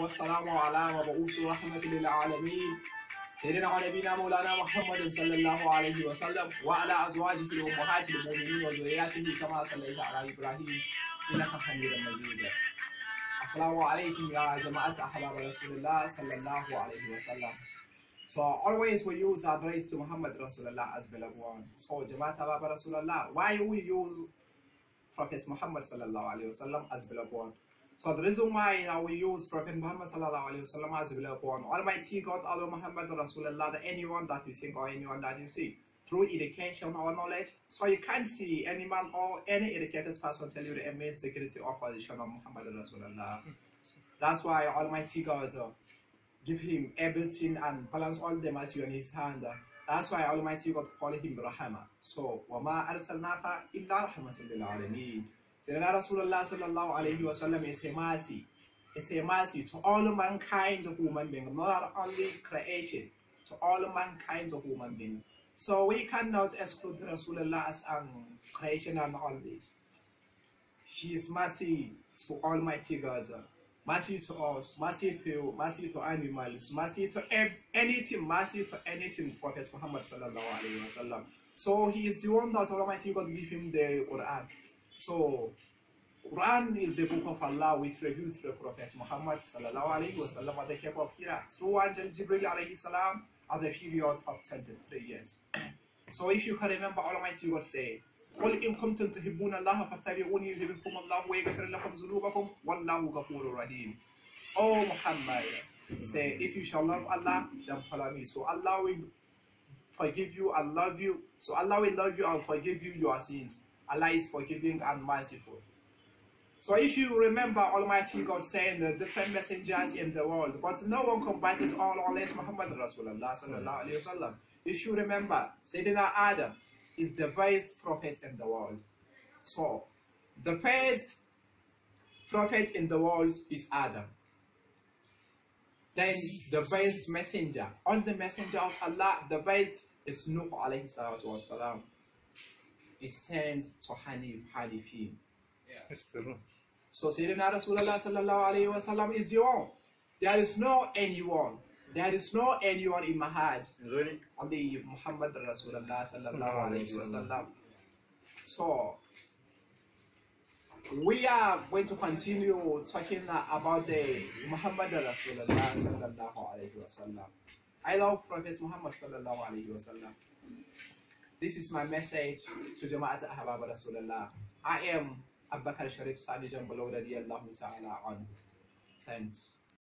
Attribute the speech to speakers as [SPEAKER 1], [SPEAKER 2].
[SPEAKER 1] والسلام على مبعوث رحمة للعالمين سيدنا ونبينا مولانا محمد صلى الله عليه وسلم وعلى أزواجه الأمهات المؤمنين وذرياته كما صليت على إبراهيم إنك حميد مجيد السلام عليكم يا جماعة أحباب رسول الله صلى الله عليه وسلم So always we use address to Muhammad Rasulullah as beloved one. So Jamaat Abba Rasulullah, why we use Prophet Muhammad Sallallahu Alaihi Wasallam as beloved one? So the reason why now we use Prophet Muhammad sallallahu alayhi sallam as we upon Almighty God, Allah Muhammad Rasulullah, anyone that you think or anyone that you see through education or knowledge. So you can't see any man or any educated person tell you the immense dignity of position of Muhammad Rasulullah. That's why Almighty God uh, give him everything and balance all the mercy on his hand. That's why Almighty God call him Rahama. So, وَمَا أَرْسَلْنَاكَ إِلَّا رَحْمَةً لِلْعَالَمِينَ Sayyidina Rasulullah sallallahu alayhi wasallam is a mercy. It's a mercy to all mankind of human beings, not only creation, to all mankind of human beings. So we cannot exclude Rasulullah as an creation and only. She is mercy to Almighty God, mercy to us, mercy to mercy to animals, mercy to anything, mercy to anything. Prophet Muhammad sallallahu alaihi wasallam. So he is the one that Almighty God gave him the Quran. So, Quran is the book of Allah which revealed to the Prophet Muhammad sallallahu alaihi wasallam at the Cape of Hira through Angel Jibril alayhi salam at the period of 23 years. so if you can remember Almighty God said, قل إن كنتم تحبون الله فاتبعوني يحببكم الله ويغفر لكم ذنوبكم والله غفور رحيم. Oh, Muhammad, say if you shall love Allah, then follow me. So Allah will forgive you and love you. So Allah will love you and forgive you your sins. Allah is forgiving and merciful. So if you remember Almighty God saying the different messengers in the world, but no one combated all unless Muhammad Rasulullah sallallahu alayhi wasallam. If you remember, Sayyidina Adam is the best prophet in the world. So the first prophet in the world is Adam. Then the best messenger, on the messenger of Allah, the best is Nuh alayhi salatu wasalam is sent to Hanif Hanifi. Yeah. So Sayyidina Rasulullah sallallahu alayhi wasallam is the one. There is no anyone. There is no anyone in my heart. Only Muhammad Rasulullah sallallahu alayhi wasallam. So we are going to continue talking about the Muhammad Rasulullah sallallahu alayhi wasallam. I love Prophet Muhammad sallallahu alayhi wasallam. This is my message to Jama'at Ahbab Rasulullah. I am Abu Bakr Sharif Sami Jambalawda radiallahu ta'ala on. Thanks.